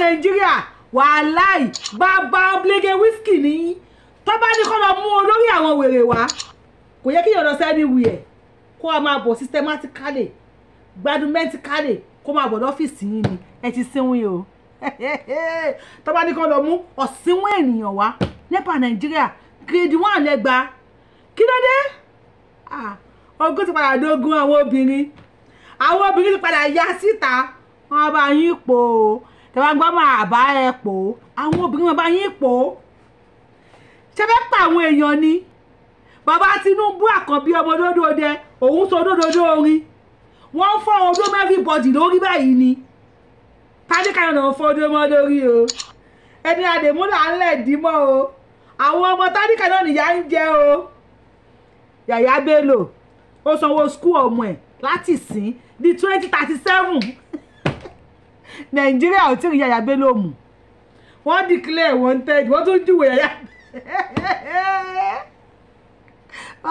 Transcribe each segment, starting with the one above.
nàìjíríà wàláì bàbá oblége wíṣkì ní tó bá ní kó lọ mú olórí àwọn wèrè wá kò yẹ kí yọ̀dọ̀ sẹ́ni wù ẹ̀ kó o máa bọ̀ systematically gradumentically kó máa bọ̀ lọ́fíìsì yín ni ẹ ti sínwó o tó bá ní kó lọ mú ọ̀sínwó ènìyàn wá nípa nàìjíríà grade one lẹ́gba kí ló dé ah, ogún ti padà dógún àwọn obìnrin àwọn obìnrin ti padà ya síta wọn bá yín pò ó tẹ́ wá gbọ́ máa bá ẹ pò ó àwọn obìnrin wọn bá yín pò ó ṣe fẹ́ pa àwọn èèyàn ni bàbá Tinubu àkànbí ọmọ òdodo dẹ òun sọ òdodo orin wọ́n fọ́ odó mẹ́fì bọ́dì lórí báyìí ni tádékàyọ̀ náà fọ́ odó mọ́ lórí o ẹni àdèmúlà ńlẹ̀ dìímọ́ o àwọn ọmọ tádékàyọ̀ nìyá ń jẹ o Yàyà Bello ó sanwó skul ọmọ ẹ̀ láti sìn di twenty thirty seven nàìjíríà ò tí ì yàyà bẹ́ lóòmù wọ́n declare wanted wọ́n tún júwe yàyà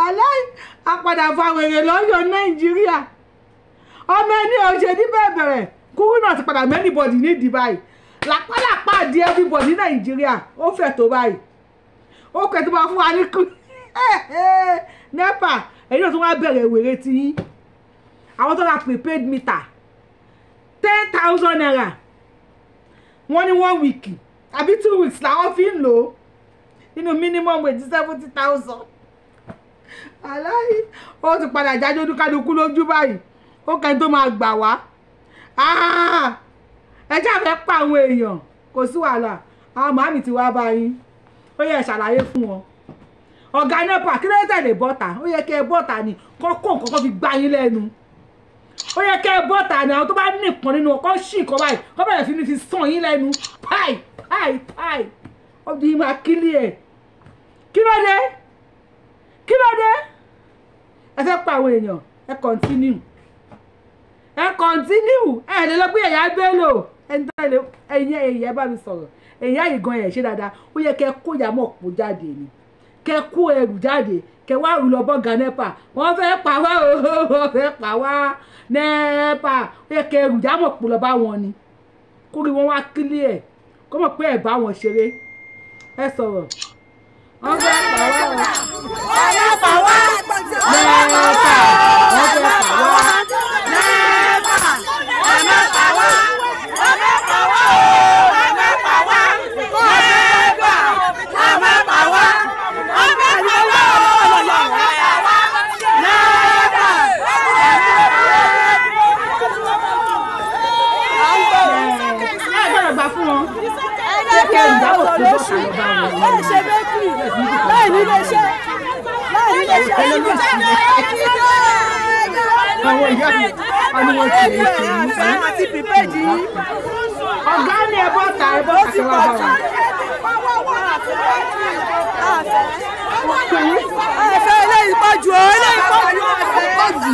aláì apàdà fàwèrè lọ́yọ̀ nàìjíríà ọmọ ẹni ọ̀ṣẹ́ ní bẹ̀rẹ̀ kúrú náà ti padà mẹ́rin bọ̀dì nídìí báyìí làpálàpá àdí everybody nàìjíríà ó fẹ̀ tó báyìí ó kẹ́ tó bá fún wa ní kú nepa ẹ̀yin náà tún wá bẹ̀rẹ̀ wèrè tí yín àwọn tó ra prepaid meter ten thousand naira wọ́n ní one week àbí two weeks làwọn fi ń lò ó nínú minimum wage seventy thousand aláì ó ti padà jájọ́ olúkálukú lójú báyìí ó kẹ́ni tó máa gbà wá ah, ẹ jáde pa àwọn èèyàn kò sí wàhálà àwọn màmí ti wá bá yín ó yẹ ṣàlàyé fún wọn ọ̀gá nepa kí ló tẹ̀lé bọ́ta ó yẹ kí ẹ bọ́ta ni kọ́kọ́ nǹkan kan fi gbá yín lẹ́nu ó yẹ kẹ́ ẹ bọ́ tà ni àwọn tó bá nìkan nínú ọkọ̀ ṣì kọ́ báyìí kọ́ bẹ̀rẹ̀ sí ni fi sàn yín lẹ́nu páì páì páì ó di máa kílí ẹ̀ kí ló dé kí ló dé ẹ fẹ́ pa àwọn èèyàn ẹ kọ́ntínú ẹ kọ́ntínú ẹ lè lọ pé ẹ̀yà bélò ẹ̀yìn ẹ̀yà bá mi sọ̀rọ̀ ẹ̀yà ìgan ẹ̀ ṣe dáadáa ó yẹ kẹ́ kó ìyàmọ̀ kó jáde ni kẹ́ kó ẹrù jáde kẹwàá rù lọ bọ́gà nẹ́pà wọ́n fẹ́ pa wá o wọ́n fẹ́ pa wá nẹ́pà ó yẹ kẹ́ rùjá pò lọ wọn ni kórè wọn wá kílé ẹ̀ kó mọ̀ pé ẹ̀ bá wọn ṣeré ẹ sọ̀rọ̀ wọ́n fẹ́ pa wá o wọ́n fẹ́ pa wá nẹ́pà wọ́n fẹ́ pa wá. láì ṣe bẹ́kìrì láì ní ilé iṣẹ́ láì ní ilé iṣẹ́ àwọn ìyá mi ariwo ti lè ṣe yín. sáà ti pípẹ́ jì yín. ọ̀gá ni ẹ bọ́ ta ẹ bọ́ ti pọ̀ jù. ẹ̀fẹ̀ eléyìí pọ̀ jù ọ́ eléyìí pọ̀ jù ọ́ pọ̀ jù.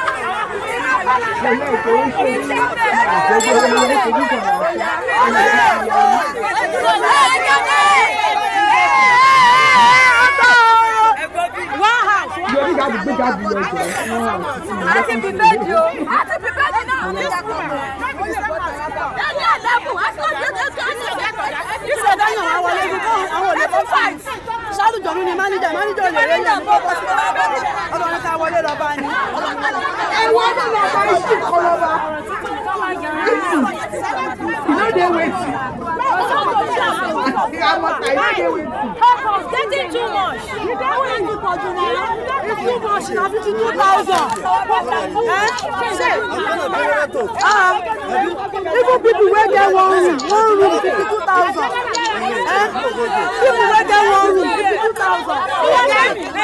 Àti bíbélì o, àti sálùjọ́nù ni máníjà máníjà olè yẹn ló ọlọ́run ká wọlé lọ bá ní. ẹ̀wọ́n ní lọ́ba iṣu kọlọ́ba you no dey waiting. Getting too much. don't want to wey get one room, one room thousand people wey dey one room two thousand. ẹwẹ́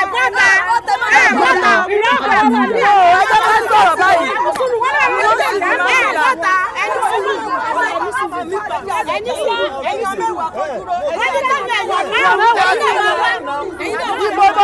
ẹ̀bọ́ta ẹ̀bọ́ta ẹ̀bọ́ta ìrọ́pẹ̀ mi ò ẹjọ́ bá ń sọ̀rọ̀ báyìí. ẹ̀bọ́ta ẹni sùúrù ẹni sùúrù ẹni ọmọ ìwà kan dúró ẹni tó ń bẹ̀ wọ̀ náà.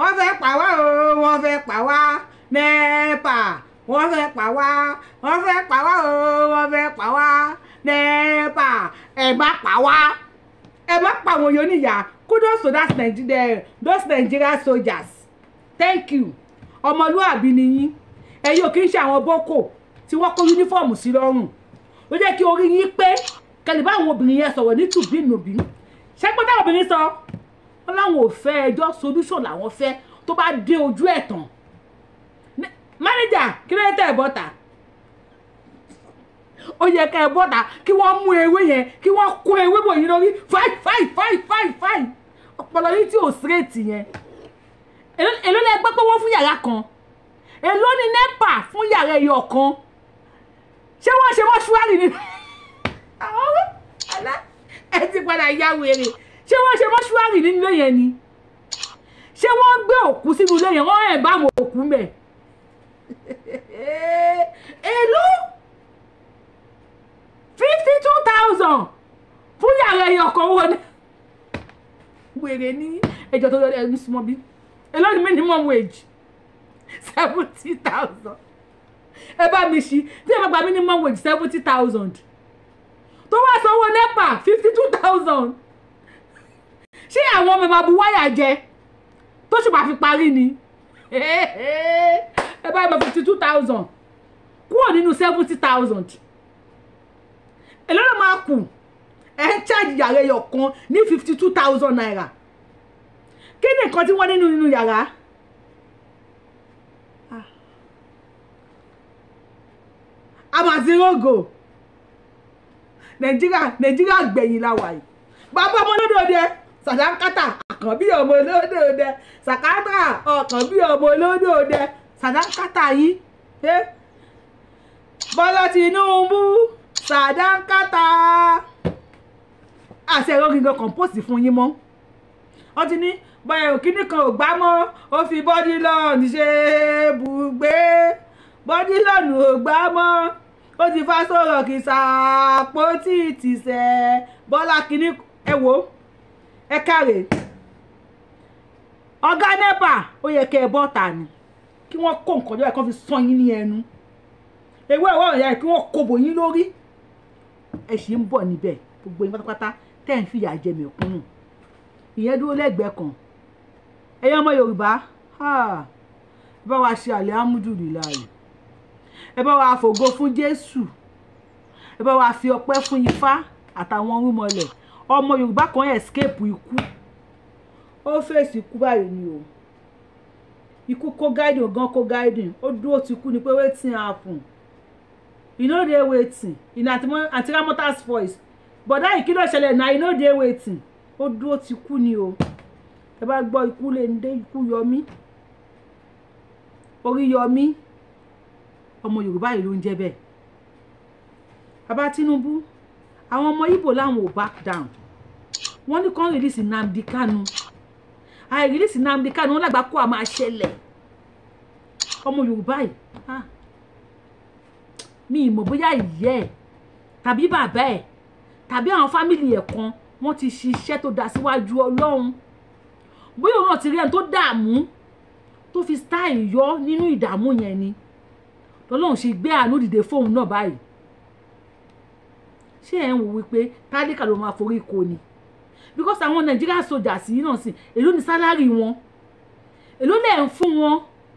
wọ́n fẹ́ pa wá o wọ́n fẹ́ pa wá nẹ́ẹ̀pà wọ́n fẹ́ pa wá wọ́n fẹ́ pa wá o wọ́n fẹ́ pa wá nẹ́ẹ̀pà ẹ má pa wá ẹ má pa àwọn yòó níyà kudos to that Nigeria those Nigerian soldiers thank you ọmọlúàbí ni yín ẹ̀yin ò kí ń ṣe àwọn boko tí wọ́n kó yúnífọ́ọ̀mù sí lọ́rùn ó jẹ́ kí orí yín pé kẹlẹ̀ bá àwọn obìnrin yẹn sọ̀rọ̀ ní tùbínùbí ṣẹ́gbọ́n táwọn obìnrin sọ wọ́n láwọn ò fẹ́ ẹjọ́ solution làwọn fẹ́ tó bá dé ojú ẹ̀ tán mánéjà kí ló tẹ̀ bọ́tà ó yẹ ká ẹ bọ́tà kí wọ́n mú ewé yẹn kí wọ́n kó ewé bò yín lórí fáì fáì fáì fáì fáì ọpọlọ yín tí ò sírètì yẹn èló lẹ gbọ́ pé wọ́n fún yàrá kan èló ni nẹ́pà fún yàrá ẹyọ kan ṣé wọ́n ṣe mọ́ṣúárì ni ẹ ti padà yá wèrè ṣé wọ́n ṣe mọ́ṣúárì nínú ilé yẹn ni ṣé wọ́n gbé òkú sínú ilé yẹn wọ́n ẹ̀ bá àwọn òkú mẹ́ èlú fifty two thousand fún yàrá ẹ̀yọ̀ kan wọlé wèrè ní ẹjọ́ tó lọ́dọ̀ ẹ̀rú súnmọ́ bí ẹlọ́dún minimum wage seventy thousand ẹ bá mi ṣí tí ẹ bá gba minimum wage seventy thousand tó wá sanwó nepa fifty two thousand ṣé àwọn ọmọ máa bu wáyà jẹ tó sì máa fi parí ni ẹ bá yẹ fifty two thousand kúrò nínú seventy thousand èló ló máa kù ẹ ń ṣáàjì yàrá ẹyọ kan ní fifty two thousand naira kí ni nǹkan tí wọ́n nínú nínú yàrá. amazirogo nàìjíríà nàìjíríà gbẹ̀yìn la wà yìí bàbá ọmọ lọ́dọ̀ sàdánkátà àkànbí ọmọ olódò dẹ sàkátà ọkànbí ọmọ olódò dẹ sàdánkátà yìí ẹ Bọ́lá Tinubu sàdánkátà àti ẹ̀rọ gígan kọ̀ǹpóòsì fún yín mọ́ wọ́n ti ní bọ́ẹ̀ òkíní kan ò gbá mọ́ ó fi bọ́dí lọ́ọ̀nù ṣe bùgbé bọ́dí lọ́ọ̀nù ò gbá mọ́ ó ti fásọ̀rọ̀ kìsà àpótí ìtìsẹ̀ bọ́lá kìíní ẹ̀wò ẹ káre ọ̀gá nẹ́bà ó yẹ kẹ́ ẹ bọ́ ta ni kí wọ́n kó nǹkan jọ ẹ̀ kó fi sán yín ní ẹnu ewé ẹ̀wọ́ ọ̀yà kí wọ́n kó bò yín lórí ẹ sì ń bọ̀ níbẹ̀ gbogbo yín pátápátá tẹ́ ń fìyà jẹ mẹ̀kúnnù ìyẹn dúró lẹ́gbẹ̀ẹ́ kan ẹ̀yọ́ ọmọ Yorùbá ẹ bá wa ṣe alhamdulilayi ẹ bá wa fògo fún Jésù ẹ bá wa fi ọpẹ́ fún Ifá àtàwọn orúmọlẹ̀ ọmọ yorùbá kan escape ikú ó fèsì ikú báyìí ni o ikú kó guiding gan kó guiding ó dúró ti kú ni pé wetin happen you no dey waiting in Aunty Ramota's voice bọ̀dá yìí kí ló ṣẹlẹ̀ náà you no dey waiting ó dúró ti kú ni o ẹ bá gbọ́ ikú lè ń dé ikú yọmí orí yọmí ọmọ yorùbá yìí ló ń jẹ́ bẹ́ẹ̀ bàbá Tinubu àwọn ọmọ Ìgbò làwọn ò back down wọ́n ní kán release Nnamdi Kanu àì release Nnamdi Kanu wọ́n lágbàá kó a máa ṣẹlẹ̀ ọmọ Yorùbá yìí mi ìmọ̀ bóyá ìyẹ́ ẹ̀ tàbí bàbá ẹ̀ tàbí àwọn fámìlì ẹ̀ kan wọ́n ti ṣiṣẹ́ tó dá síwájú Ọlọ́run bóyá òun náà ti rí ẹni tó dààmú tó fi style yọ nínú ìdààmú yẹn ni lọ́lọ́run ṣe gbé àánú dìde fóun náà báyìí ṣé ẹ̀ ń wò wípé tálíkà ló máa forí ko ni because àwọn Nigerian soldiers yìí náà sìn èló ni sálárì wọn èló lẹ̀ ń fún wọn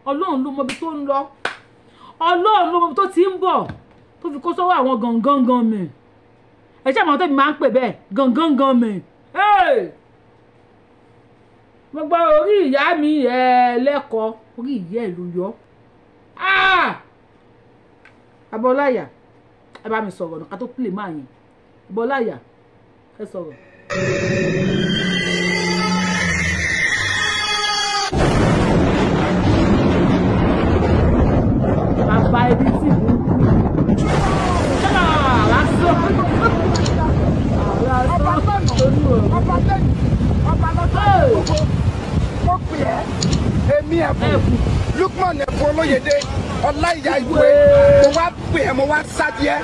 ọlọ́run ló mọbi tó ń lọ ọlọ́run ló mọbi tó ti ń bọ̀ tó fi kó sọ́wọ́ àwọn gangan gan mi ẹ ṣe àwọn tẹ́mi máa ń pè bẹ́ẹ̀ gangan gan mi gbogbo orí ìyá mi ẹ lẹ́kọ̀ọ́ orí ìyá ẹ̀ ló yọ ah! abọ́láyà ẹ bá mi sọ̀rọ̀ nǹkan tó play máa yẹn bọ́láyà ẹ sọ̀rọ̀. bàbá ẹbí tì mú àlásọ àlásọ lórí ọ̀rọ̀ ọba lọ́jọ́ mo pè ẹ́ èmi ẹ̀bùn Lukman ẹ̀bùn olóyèdè ọláìyá ìwé mo wá pè ẹ́ mo wá sádìẹ́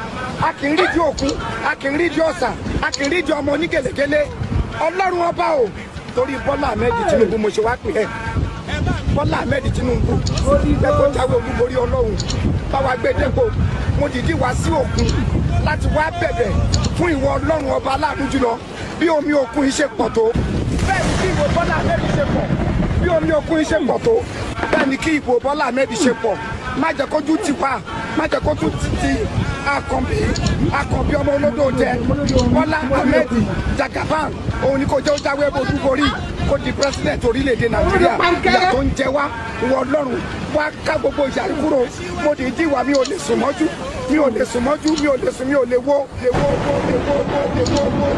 a kì í rí di òkun a kì í rí di ọ̀sà a kì í rí di ọmọ onígèlèkélé ọlọ́run ọba o torí bọ́lá ahmed tinubu mo ṣe wá pè ẹ́ bọ́lá ahmed tinubu ẹ̀kọ́ jáwé olúborí ọlọ́run báwa gbé mo dìdí wá sí òkun láti wá bẹ̀bẹ̀ fún ìwọ ọlọ́run ọba aláàánú jùlọ bí omi òkun yìí ṣe pọ̀ tó bẹ́ẹ̀ ni bí ìwọ bọ́lá ahmed ṣe pọ̀ bí omi òkun yìí ṣe pọ̀ tó bẹ́ẹ̀ ni kí ìwọ bọ́lá ahmed ṣe pọ̀ má jẹ́ kójú má jẹ́ kó tún ti akànbí akànbí ọmọ olódò jẹ bọ́lá ahmed jagaban òun ni kò jẹ́ ó jáwé bojú borí kó di president orílẹ̀-èdè nàìjíríà ìyà tó ń jẹ wá wọ ọlọ́run wá ká gbogbo ìyàrí kúrò mo dì í dìwà mi ò lè sùn mọ́jú mi ò lè sùn mọ́jú mi ò lè sùn mi ò lè wo lè wo wo lè wo lè wo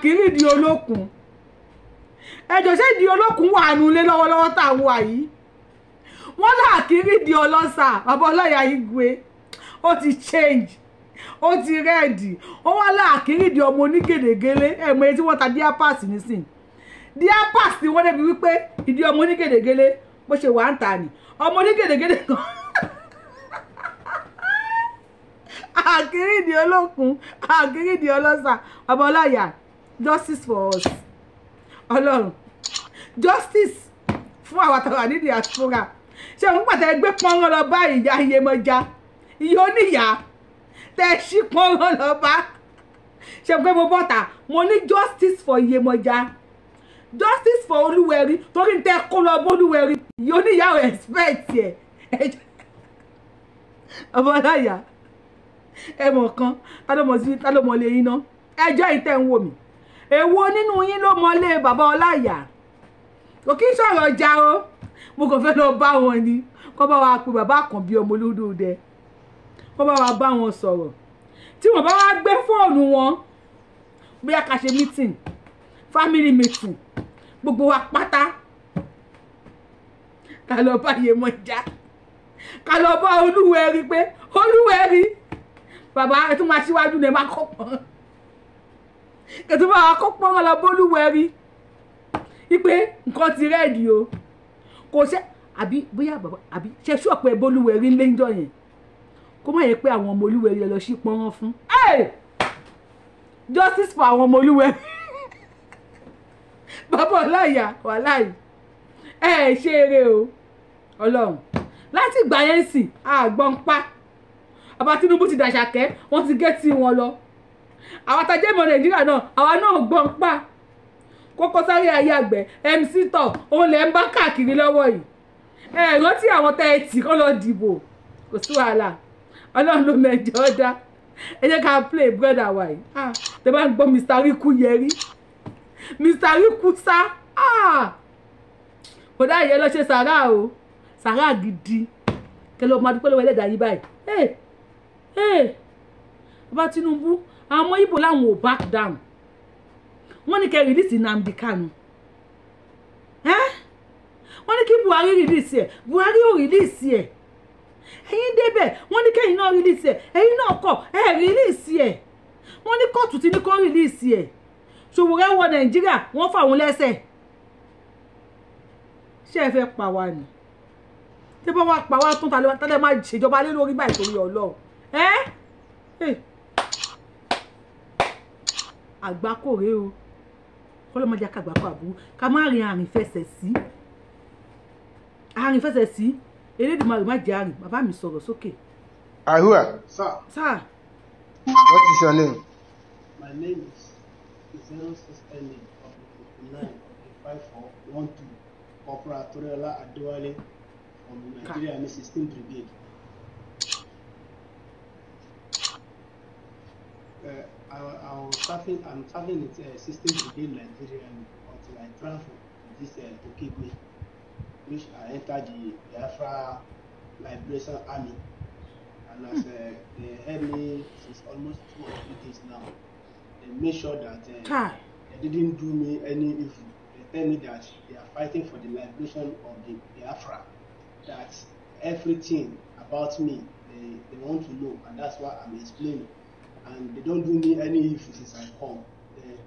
kiri di olókun ẹjọ ṣe di olókun wà nù lé lọ́wọ́lọ́wọ́ tá à ń wà yìí wọ́n láàkiri di ọlọ́sà bàbá ọlọ́yà igwe ó ti change ó ti O ó wá láàkiri di ọmọ E ẹ̀mọ́ etí wọ́n ta diapas Dia pass. ni wọ́n débi wípé ìdí ọmọ onígèdègélé bó ṣe wà ń ta ni ọmọ onígèdègélé kan àkìrìdì olókun àkìrìdì ọlọ́sà ọmọláyà justice for us ọlọ́run justice fún àwọn àtàwà nídìí àtúnra ṣé òun pàtàkì gbé pọ́nrán lọ bá ìyá iyemọja iye oníyà tẹ́ ẹ ṣí pọ́nrán lọ bá ṣe pé mo bọ́ta mo ní justice for iyemọja justice for olúwẹ̀rí torí n tẹ́ kó lọ bó olúwẹ̀rí iye oníyà ò expect ẹ̀ ọmọ ọláyà ẹ mọ̀ kan tálọ́mọ̀ sí tálọ́mọ̀ lè yín ná ẹjọ́ ìtẹ̀ ń wò mí èwo nínú yín ló mọlé bàbá ọláìyá kò kí n sọ̀rọ̀ ọjà o mo kàn fẹ́ lọ bá wọn ni kó bá wa pe bàbá àkànbí ọmọ olódòdẹ kó bá wa bá wọn sọ̀rọ̀ tí wọ́n bá wá gbé fóònù wọn bóyá ká ṣe meeting family meeting gbogbo wa pátá ká lọ bá Yemọja ká lọ bá olúwẹ̀rí pé olúwẹ̀rí bàbá ẹ tún máa ṣíwájú lè má kọ́ pọ́n kẹtù máa kó pọ́nrán lọ bólúwẹ̀rí ipe nǹkan ti rẹ́ẹ̀dì o kò ṣe àbí bóyá bàbá àbí ṣe ṣọ́ọ̀pù ẹ̀ bólúwẹ̀rí lẹ́ńdọ̀ yẹn kó má yẹ pé àwọn ọmọ olúwẹ̀rí lọ sí pọ́nrán fún justice for àwọn ọmọ olúwẹ̀rí bàbá ọláìyá wàláì ẹ ẹ ṣe eré o ọlọ́run láti gbà yẹn sìn àgbọ̀npa àbá Tinubu ti dàṣàkẹ́ wọ́n ti gé tí wọn lọ àwọn atajẹ́ ìmọ̀ nàìjíríà náà àwa náà gbọ́n pa Kókó Zaria ayé àgbẹ̀ MC Tough òun lẹ̀ ń bá káàkiri lọ́wọ́ yìí ẹ rántí àwọn tẹ́ ẹ tì kọ́ lọ dìbò kò sí wàhálà ọlọ́run ló mẹjọ dá ẹ jẹ́ ká play brother wa yìí ah tẹ bá ń gbọ́ Mr. Riku yẹrí Mr. Riku sá ah kódà ìyẹn lọ ṣe sàrà o sàrà gidi kẹlẹ́ ọmọ adúpẹ́ lọ́wọ́ ẹlẹ́dàá yìí báyìí ẹ ẹ bàbá Tinubu àwọn ọmọ Ìgbò làwọn ò back down wọ́n ní kẹ́ rìlíìsì Nnamdi Kanu wọ́n ní kí Buhari rìlíìsì ẹ̀ Buhari ò rìlíìsì ẹ̀ ẹ̀yin débẹ̀ wọ́n ní kẹ́yìn náà rìlíìsì ẹ̀ ẹ̀yin náà kọ̀ ẹ̀ rìlíìsì ẹ̀ wọ́n ní kóòtù ti ní kó release. ẹ̀ Ṣòwòrẹ́ wọ Nàìjíríà wọ́n fà wọ́n lẹ́sẹ̀ ṣé ẹ fẹ́ pa wá ni tí bá wá pa wá tún tálẹ́ máa ṣèjọba lé lórí báyìí torí ọlọ́ọ̀ ẹ́ àgbákò rèé o kọ́lọ́mọdé àkàgbákò àbúrú ká má rin àrìn fẹsẹ̀ sí àrìn fẹsẹ̀ sí Elédùmarè má jẹ́ àrìn bàbá mi sọ̀rọ̀ sókè. ahua. sir. sir. what is your name. my name is zero six ten eight of the fifty nine of five four one two corporal toriola adewale from Nigeria army sixteen brigade. uh, I, I was traveling, I'm serving it uh, systems within Nigeria until I transferred to this uh, which I entered the Biafra Liberation Army. And as uh, they helped me since almost two or three days now, they made sure that uh, they didn't do me any evil. They tell me that they are fighting for the liberation of the Biafra, that everything about me they, they want to know, and that's why I'm explaining and they don't do me any evil since I come.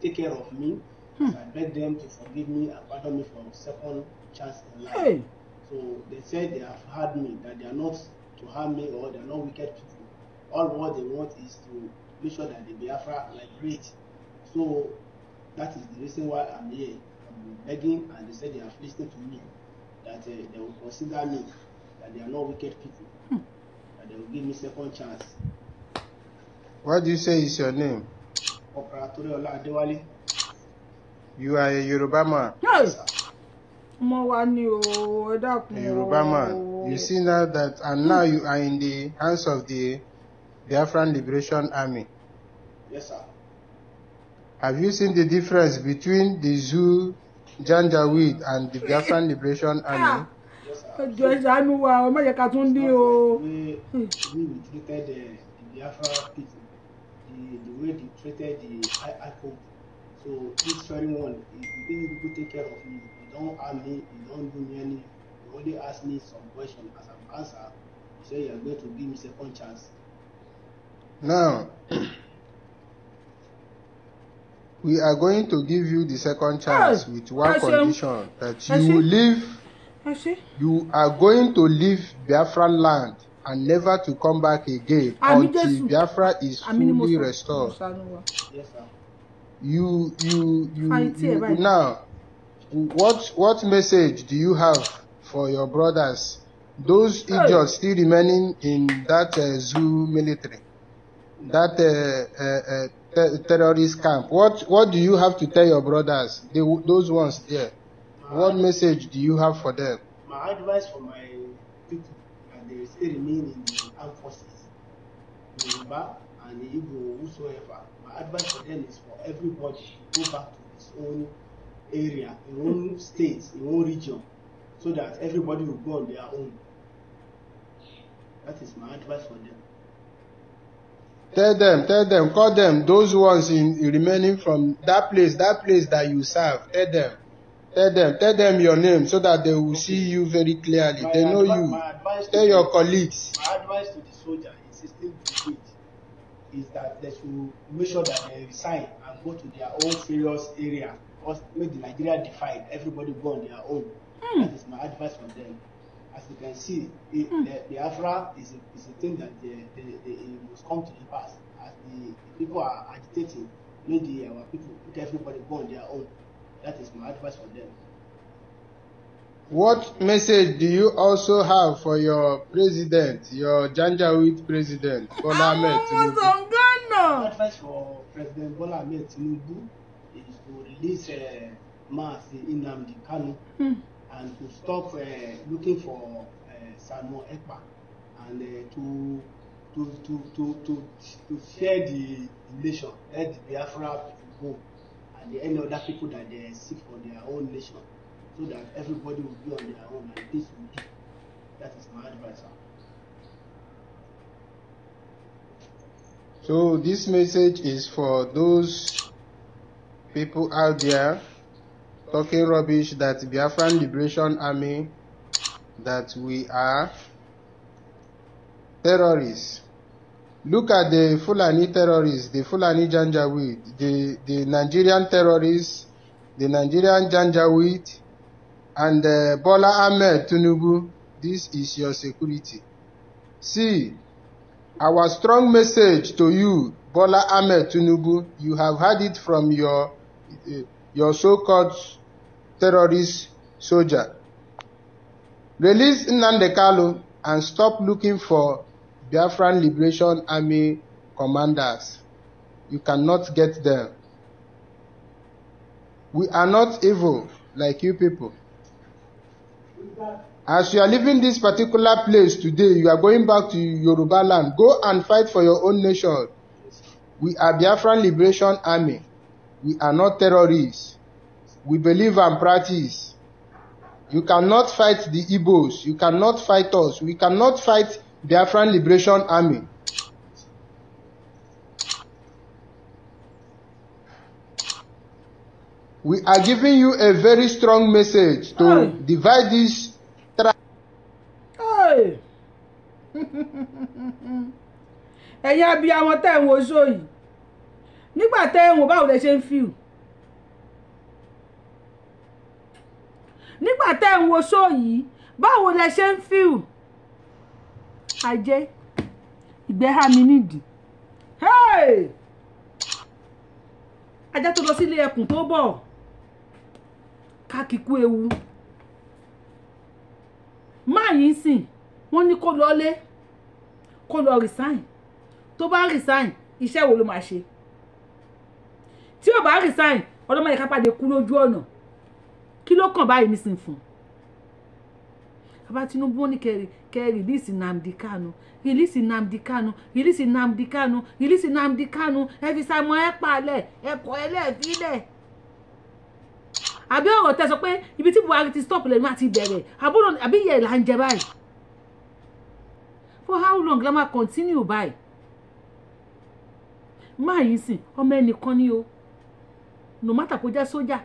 They take care of me. Hmm. So I beg them to forgive me and pardon me for second chance in life. Hey. So they said they have heard me, that they are not to harm me or they are not wicked people. All what they want is to make sure that the Biafra liberate. So that is the reason why I'm here. I'm begging and they said they have listened to me, that uh, they will consider me, that they are not wicked people, hmm. that they will give me second chance. What do you say is your name? Opera Toriola Adewale. You are a Yoruba man. Yes. Mo wa ni o, ẹ Yoruba man. You see now that and now you are in the hands of the Biafran Liberation Army. Yes, sir. Have you seen the difference between the zoo Janjaweed and the Biafran Liberation ah. Army? ẹjọ ìṣàánú wa ọmọ yẹ ká tún dín o. we we recruited eh, the Biafra people the, the way they treated the high IPOB. So this very one, if you people take care of me, you don't harm me, you don't do me any, you only ask me some questions as an answer, you say you are going to give me second chance. Now, we are going to give you the second chance ah, with one condition that you leave. You are going to leave Biafran land and never to come back again until Biafra is fully restored. You, you, you, you, now, what, what message do you have for your brothers, those idiots still remaining in that uh, zoo military, that uh, uh, uh, ter terrorist camp? What, what do you have to tell your brothers, they, those ones there? What message do you have for them? My advice for my still remain in the armed forces, Yoruba and Igbo, whosoever. My advice for them is for everybody to go back to his own area, your own state, your own region, so that everybody will go on their own. That is my advice for them. Tell them, tell them, call them, those ones in remaining from that place, that place that you serve, tell them. Tell them, tell them your name so that they will see you very clearly. My they know you. Tell your the, colleagues. My advice to the soldier insisting to quit is that they should make sure that they resign and go to their own serious area because make the Nigeria divide, everybody go on their own. Mm. That is my advice for them. As you can see, it, mm. the, the Afra is a, is a thing that they, they, they, it must come to the pass. As the, the people are agitating, make the, our people put everybody go on their own. That is my advice for them. What message do you also have for your president, your Janjaweed president, Bola Ahmed Tinubu? My advice for President Bola Ahmed Tinubu is to release uh, Mazi Nnamdi Kanu hmm. and to stop uh, looking for uh, Samuel Ekpa and uh, to to to to to to share the nation, let the Biafra go. any other people that they seek for their own nation so that everybody will be on their own and this will be. That is my advice. So this message is for those people out there talking rubbish that Biafran Liberation Army that we are terrorists Look at the Fulani terrorists, the Fulani Janjaweed, the, the Nigerian terrorists, the Nigerian Janjaweed, and uh, Bola Ahmed Tinubu. This is your security. See, our strong message to you, Bola Ahmed Tinubu, you have heard it from your, uh, your so-called terrorist soldier. Release Nnamdi Kalu and stop looking for Biafran Liberation Army commanders. You cannot get them. We are not evil like you people. As you are leaving this particular place today, you are going back to Yoruba land. Go and fight for your own nation. We are Biafran Liberation Army. We are not terrorists. We believe and practice. You cannot fight the Igbos. You cannot fight us. We cannot fight Biafran Liberation Army we are giving you a very strong message to Aye. divide this tribe. ẹ̀yin abiyamọ tẹ́ ẹ̀ ń wo ṣó yìí nígbà tẹ́ ń wo báwo lẹ ṣe ń fi ù nígbà tẹ́ ń wo ṣó yìí báwo lẹ ṣe ń fi ù ajé ìgbẹ́ há mi nídìí ajá tó lọ sílé ẹkùn tó bọ̀ kákikú ewu máa yín sìn wọ́n ní kó lọlé kó lọ resign tó bá resign iṣẹ́ wo ló máa ṣe tí ò bá resign ọlọ́mọ yẹn ká pàdé kú lójú ọ̀nà kí ló kàn báyìí nísìn fún un bàbá Tinubu wọn ní kẹrì kẹrì rìlíìsì Nnamdi Kanu rìlíìsì Nnamdi Kanu rìlíìsì Nnamdi Kanu rìlíìsì Nnamdi Kanu ẹ fi ẹ palẹ̀ ẹ kọ̀ àbí ọ̀rọ̀ tẹ sọ pé ibi tí Buhari ti stop lẹ́nu àti bẹ̀rẹ̀ àbí yẹ̀ là ń jẹ báyìí for how long la máa continue báyìí máa yìí sìn ọmọ ẹnìkan ni o no matter kó jẹ́ sójà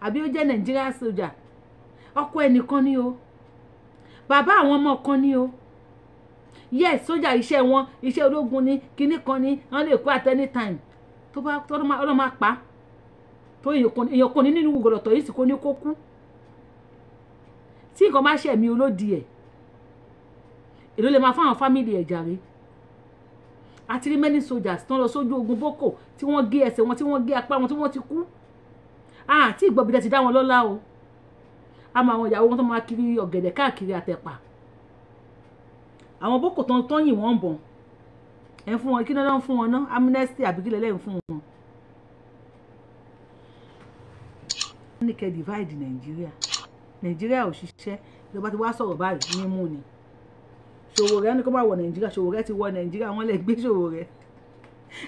àbí ó jẹ́ Nàìjíríà sójà ọkọ ẹnìkan ni o bàbá àwọn ọmọ kan ni o yes sójà iṣẹ́ wọn iṣẹ́ ológun ni kinní kan ni wọ́n lè kó at any time tó bá ọlọ́run máa pa tó èèyàn kò ní nínú gbọdọ̀tọ̀ yìí sì kò ní kó kú tí nǹkan bá ṣe ẹ̀mí olódi ẹ̀ èló lè máa fáwọn fámìlì ẹ̀ jàre àti rí many soldiers tán lọ sójú ogun boko tí wọ́n gé ẹsẹ̀ wọn tí wọ́n gé apá wọn tí wọ́n ti kú àti ìgbọ̀bìdẹ̀ ti dá wọn lọ́lá o a máa wọn ìyàwó wọn tó máa kiri ọ̀gẹ̀dẹ̀ káàkiri àtẹ̀pà àwọn boko tó ń tọ́yìn wọn bọ̀ ẹ̀ ń fún wọn kí lọ́dọ̀ ń fún wọn ná amnesty àbíkílẹ̀ lẹ́yìn fún wọn. wọ́n divide nàìjíríà nàìjíríà ò ṣiṣẹ́ ìjọba ti wá sọ̀rọ̀ báyìí ní mú ni Ṣòwòrẹ́ ní kó má wọ nàìjíríà Ṣòwòrẹ́ ti wọ nàìjíríà wọ́n lè gbé Ṣòwòrẹ́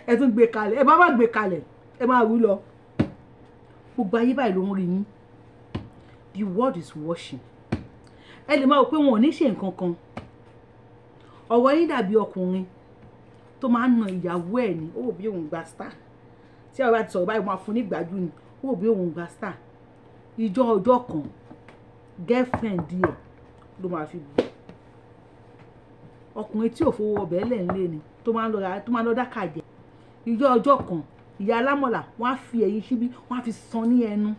ẹ tún gbé kalẹ̀ ẹ bá má gbé kalẹ̀ ẹ má rú lọ gbogbo ayé báyìí ló ń rí yín the world is washing ẹ lè máa wò pé wọn ò ní ṣe nǹkan kan ọ̀rọ̀ yín dàbí ọkùnrin tó máa ń na ìyàwó ẹ̀ ní ó wò bí gba star tí ọ̀rọ̀ àti sọ̀rọ̀ báyìí máa fún ní gbàdúrà ni ó wò bí gba star ìjọ ọjọ́ kan girlfriend díẹ̀ ló máa fi bù ọkùnrin tí ò fowó ọbẹ̀ lẹ̀ ń lé ni tó máa ń lọ tó máa ń lọ dákàjẹ́ ìjọ kan ìyá alámọ̀là wọ́n á fi ẹ̀yìn síbí wọ́n á fi san ní ẹnu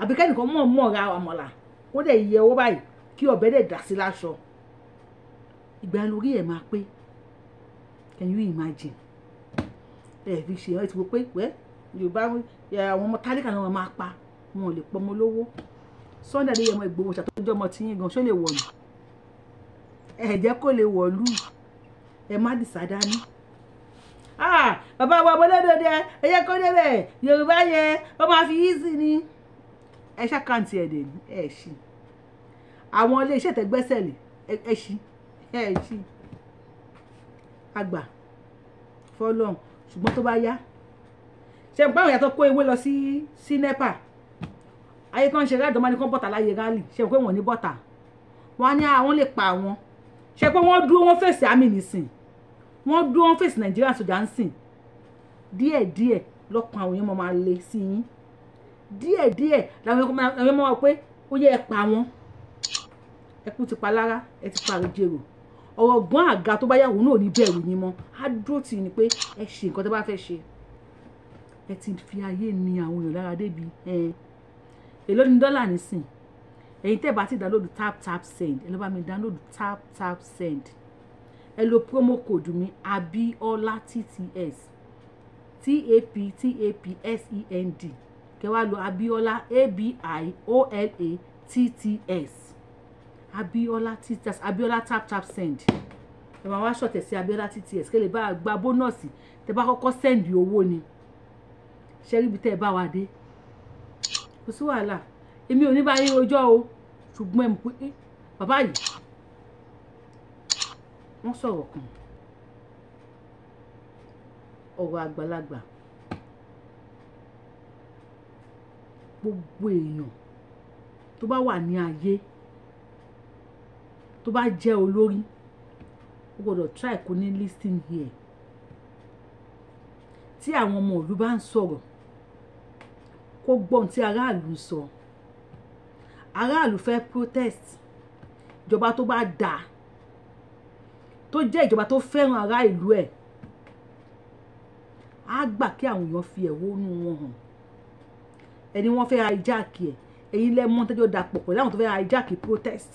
àbí kẹ́nìkan mọ̀ mọ̀ ra àmọ̀là kó dẹ̀ yẹ owó báyìí kí ọ̀bẹ dẹ̀ dà sí láṣọ ìgbà lórí ẹ̀ máa pé can you imagine ẹ̀ fi ṣe ẹ̀ ti wò pé wẹ́ yorùbá àwọn ọmọ tálíkà náà máa pa wọn ò lè pọ́ ọmọ lówó Sunday lè yẹ ọmọ Ìgbòho ṣàtọ́jú ọmọ tí yín gan ṣó lè wọ̀lú ẹ̀ jẹ́ kó lè wọ̀lú ẹ̀ má dìsá dání ah, bàbá wa ọmọdé dòde ẹ̀yẹ kó débẹ̀ yorùbá yẹ ó máa fi sí ni ẹ ṣàkáǹtì ẹ̀ dẹ̀ ní ẹ̀ ṣí àwọn iléeṣẹ́ tẹ́gbẹ́sẹ̀ lè ẹ̀ ṣí ẹ̀ ṣí àgbà fọlọ́n ṣùgbọ́n tó bá yá ṣe ń báwọn yàtọ̀ kó ewé lọ sí sí nepa ayé kan ṣe rádọ́mọ́ ni kán bọ́tà láyé rálì ṣe pé wọ́n ní bọ́tà wọ́n á ní àwọn ah, lè pa àwọn ṣe pé wọ́n dúró wọ́n fèsì àmì nìsín wọ́n dúró wọ́n fèsì nàìjíríà sójà ń sìn díẹ̀díẹ̀ lọ́kàn àwọn èèyàn máa lé sí yín díẹ̀díẹ̀ làwọn ẹ̀kọ́ máa ẹ̀yọ́ máa wọ pé ó yẹ ẹ pa wọn ẹkún ti pa lára ẹ ti pa àròjèrò ọ̀rọ̀ gan àga tó bá yàwó náà ní bẹ̀rù yín mọ́ á dúró tì ní pé ẹ ṣe nǹkan tó bá fẹ́ ṣe ẹ ti fi ayé ni àwọn èèyàn lára débi èló ni dọ́là nísìn ẹ̀yin tẹ́ bá ti download tap tap send ẹ lọ bá mi download tap tap send ẹ lo promo code mi abiola tts tap tap send kẹ́ wá lo Abíọ́lá A-B-I-O-L-A-T-T-S Abíọ́lá tts Abiola tap tap send ẹ máa wá ṣọ̀tẹ̀ sí Abíọ́lá tts kẹ́ lè bá a gba bónọ́ọ̀sì tẹ́ bá kọ́kọ́ sẹ́ndì owó ni ṣe rí ibi tẹ́ ẹ bá wa dé kò sí wàhálà èmi ò ní bá yín rojọ́ o ṣùgbọ́n ẹ̀ mú pé eh, bàbá yìí wọ́n sọ̀rọ̀ kan ọ̀rọ̀ àgbàlagbà gbogbo èèyàn tó bá wà ní ayé tó bá jẹ́ olórí ó gbọ́dọ̀ try kó ní listing here tí àwọn ọmọ ìlú bá ń sọ̀rọ̀ kó gbọ́ ohun tí aráàlú ń sọ aráàlú fẹ́ protest ìjọba tó bá dáa tó jẹ́ ìjọba tó fẹ́ràn ará ìlú ẹ̀ á gbà kí àwọn èèyàn fi ẹ̀hónú wọn hàn ẹni wọ́n fẹ́ hijack ẹ̀ ẹ̀yin lẹ́ mọ́ tẹ́jọ́ dàpọ̀ pẹ̀lú àwọn tó fẹ́ hijack protest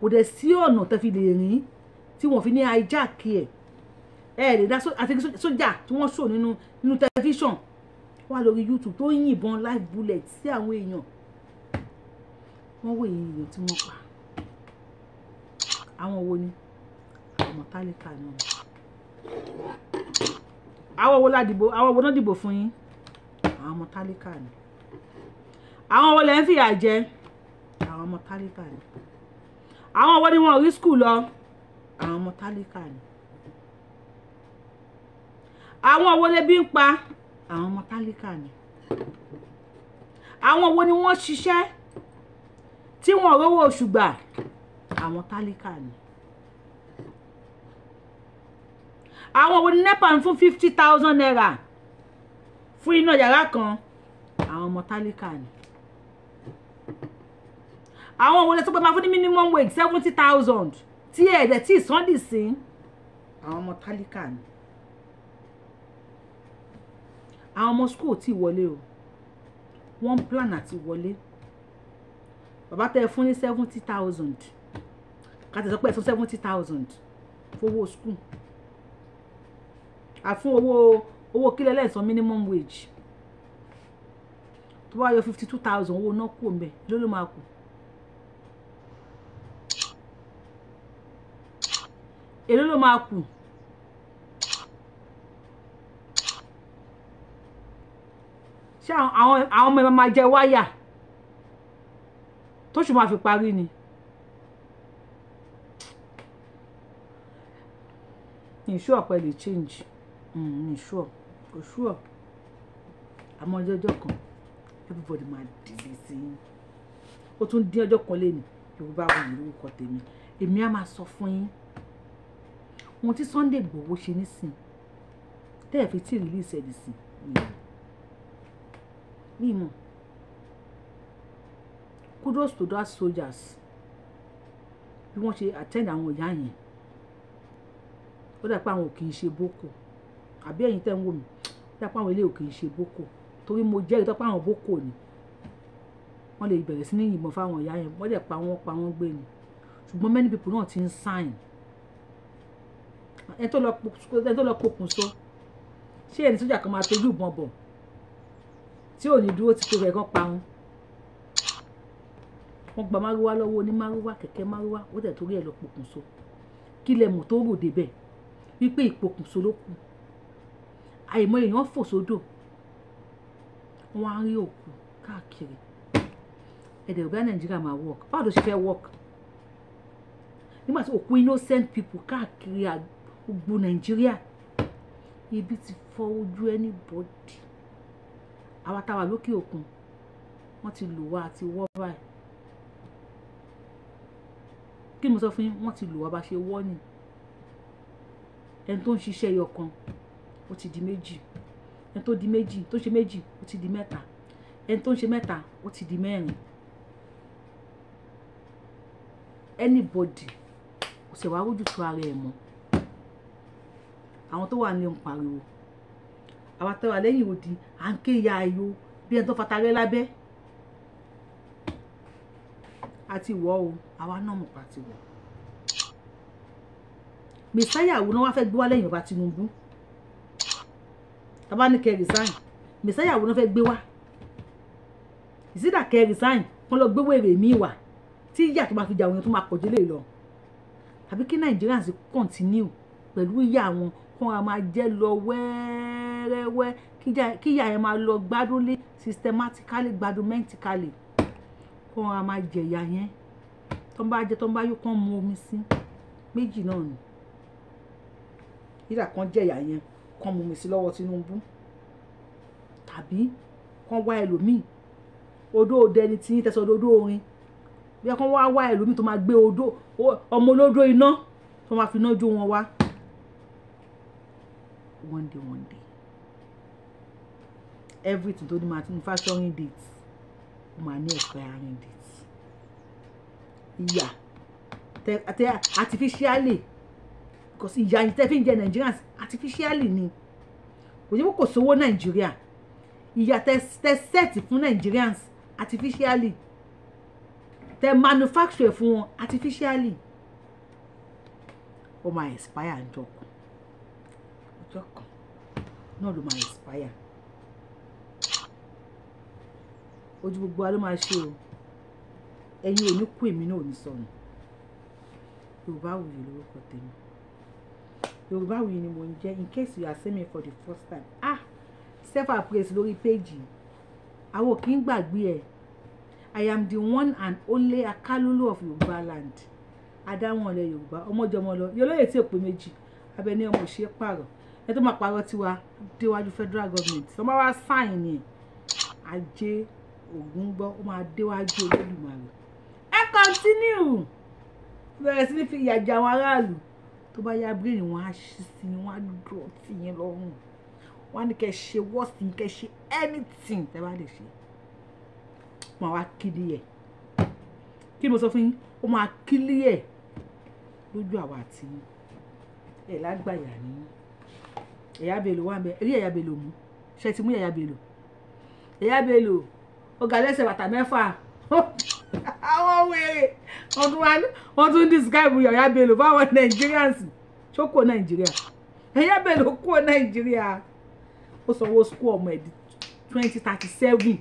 kò dẹ̀ sí ọ̀nà tẹ́ fi lè rìn tí wọ́n fi ní hijack ẹ̀ ẹ̀ lè dá àti sójà tí wọ́n sọ nínú nínú tẹlifíṣàn wà lórí youtube tó ń yìnbọn live bullet sí àwọn èèyàn wọ́n wò èyí èèyàn tí wọ́n pa àwọn wo ni àwọn tálíkà náà àwọn wo la dìbò àwọn wo náà dìbò fún yín àwọn ọmọ tálíkà ni àwọn wo lẹ ń fìyà jẹ àwọn ọmọ tálíkà ni àwọn wo ni wọn ò rí skul lọ àwọn ọmọ tálíkà ni àwọn wo lè bí ń pa àwọn ọmọ tálíkà ni àwọn wo ni wọ́n ṣiṣẹ́ tí wọ́n rówó oṣù gbà àwọn tálíkà ni àwọn wo ni nepa ń fún fifty thousand naira fún iná yàrá kan àwọn ọmọ tálíkà ni àwọn òwòlẹ̀ tó pé máa fún ní minimum wage seventy thousand tí ẹ̀jẹ̀ tí ìsọ́ndì sí àwọn ọmọ tálíkà ni àwọn ọmọ school ti wọlé o wọ́n plan àti wọlé bàbá tẹ́ ẹ fún ní seventy thousand kàtà sọ pé ẹ sọ seventy thousand fowó school àfún owó owó kílẹ̀ lẹ́sàn minimum wage tó bá yọ fifty two thousand owó náà kù mbẹ ló ló máa kù. èló ló máa kù. ṣé àwọn ọmọ ẹ máa jẹ wáyà tóṣù máa fi parí ni. ìṣú ọ̀pẹ lè change ìṣú ọ̀pẹ kò ṣúọ̀ àmọ́ ọjọ́jọ́ kan everybody máa dìde sí i ó tún dín ọjọ́ kan lẹ́nu yorùbá wo ìlú ọkọ tèmi èmi á máa sọ fún yín ohun tí Sunday Igboho ṣe nísìn tẹ́ ẹ̀ fi tí release ẹ̀ nísìn ní ìmọ̀ kudos to those soldiers bí wọ́n ṣe attend àwọn ìyá yẹn ó dà pé àwọn ò kì í boko àbí ẹ̀yin tẹ́ ń wò mí dápá àwọn ilé òkè ṣe boko torí mo jẹ́rìí tọ́pá àwọn boko ni wọ́n lè bẹ̀rẹ̀ sí ní yìnbọn fáwọn ìyá yẹn wọ́n dẹ̀ pa wọ́n pa wọ́n gbé ni ṣùgbọ́n many people náà ti ń sign ẹni tó lọ pokùn so ṣé ẹni sójà kan máa tojú ìbọn bọ̀ tí ò ní dúró ti tó rẹ̀ kan pa wọn wọ́n gba márúwá lọ́wọ́ oní márúwá kẹ̀kẹ́ márúwá ó dẹ̀ torí ẹ̀ lọ pokùn so kí lẹ tó rò débẹ̀ wípé ìpokùn so ló kù àìmọye èèyàn fò sódò wọ́n á rí òkú káàkiri ẹ̀dẹ̀ òbí nàìjíríà máa work báwo ló ṣe fẹ́ work nígbà tí òkú innocent people káàkiri gbogbo nàìjíríà ibi ti fọ́ ojú anybody àwa táwa lókè òkun wọ́n ti lò wá àti wọ́ báyìí kí ni mo sọ fún yín wọ́n ti lò wá bá ṣe wọ́ ni ẹni tó ń ṣiṣẹ́ ẹyọ ó ti di méjì ẹni tó di méjì tó ṣe méjì ó ti di mẹ́ta ẹni tó ń ṣe mẹ́ta ó ti di mẹ́rin anybody kò sì wá rújú tu ara ẹ̀ mọ́ àwọn tó wà ní ń pariwo àwọn àtẹwà lẹ́yìn odi à ń ké ya ayò bí ẹni tó fatarẹ́ lábẹ́ àti wọ́ o àwa náà mọ̀ pa ti wọ̀ mẹsáyà wo ni wọ́n fẹ́ gbé wá lẹ́yìn ọba Tinubu tàbá ní kẹ́ resign mẹsáyà wo ló fẹ́ gbé wá ìsídà kẹ́ resign kó lọ gbé wèrè míì wá tí ìyà tó bá fi jà àwọn èèyàn tó máa pọ̀ délé e lọ àbí kí nàìjíríà sì continue pẹ̀lú ìyà wọn kó wọn máa jẹ́ lọ wẹ́ẹ́rẹ́wẹ́ kí ìyà yẹn máa lọ gbádùnlé systematically gbádùnmẹ́ntìkálì kó wọn máa jẹ̀yà yẹn tó ń bá jẹ tó ń bá yó mu omi sí méjì náà ni ìyà kan jẹ̀yà yẹn kán mú mi sí Tinubu tàbí kán wá ẹlòmíì odó dẹni tí yín tẹsán odó orin bí ẹ wá wá ẹlòmíì tó máa gbé odó ọmọ olódó iná tó máa fi iná jó wọn wá one day one day everything tó ní máa ti manufacturing date ó máa ní expiring date ìyà artificially because ìyà yìí tẹ́ fi ń jẹ Nigerians artificially ni kò jẹ́ pé kò sówó Nigeria ìyà tẹ́ set fún Nigerians artificially tẹ́ manufacture fún wọn artificially ó máa expire ọjọ́ kan ọjọ́ kan náà ló máa expire ojú gbogbo wa ló máa ṣe o ẹ̀yin ò ní kú èmi náà ò ní sọnù yorùbá wùyí lórúkọ tèmi yorùbá wuyi ni mò ń in case you are seeing me for the first time ah self appraise lórí péjì àwọn kì í gbàgbé ẹ i am the one and only akálólò of yorùbá land adáwọn ọlẹ yorùbá ọmọjọmọ lọ yọlọyẹ tí èpè méjì abẹni ọmọ ṣe pààrọ̀ ẹ tó máa pààrọ̀ tiwa déwájú federal government tọmọ wa sáìn ni ajé ògùn gbọ ó máa déwájú olódùmarè ẹ kọ́ntínú bẹ̀rẹ̀ sí ní fi ìyà jẹ àwọn aráàlú tó bá yá brain wọn á ṣí sí i wọn á dúró tì yín lọ́rùn wọn á ní kẹ́ ṣe wọ́ọ̀sì kẹ́ ṣe anything tẹ́ bá lè ṣe wọn á kílí ẹ̀ kí ni mo sọ fún yín ó máa kílí ẹ̀ lójú àwa àti ẹ̀ lágbàyà ni ẹ̀yà bèlò wà mẹ́ rí ẹ̀yà bèlò mú ṣe ti mú ẹ̀yà bèlò ẹ̀yà bèlò ó ga lẹ́sẹ̀ bàtà mẹ́fà. àwọn wèrè guy tún describe Yahya Bello fáwọn Nigerians tó Nigeria. Nàìjíríà Yahya Bello kó Nàìjíríà ó sanwó school ọmọ ẹ̀dí twenty thirty seven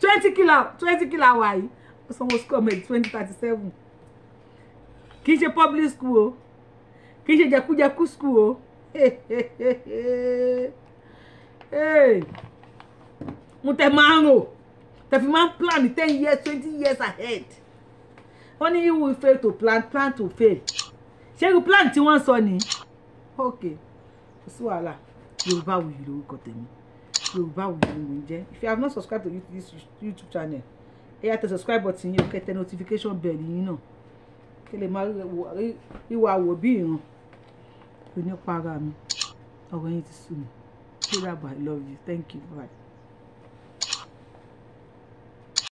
twenty kilo twenty kilo wà yìí ó school ọmọ ẹ̀dí twenty thirty seven kì ṣe public school o kì í ṣe jẹkújẹkú school o mo tẹ máa ń rò tẹ̀fí máa ń plan ten years twenty years ahead wọ́n ní you will fail to plan plan to fail ṣé irú plan tí wọ́n sọ ni ok kò sí wàhálà yorùbá wuyì lórúkọ tèmi yorùbá wuyì ni mò ń if you have not subscribed to this youtube channel ẹ yá tẹ subscribe button yín o kẹ́ tẹ notification bell yín náà kí lè máa ríwa wò bí ìran kò para mi ọ̀rọ̀ yín ti sú mi kí lè àgbà i love you thank you bye.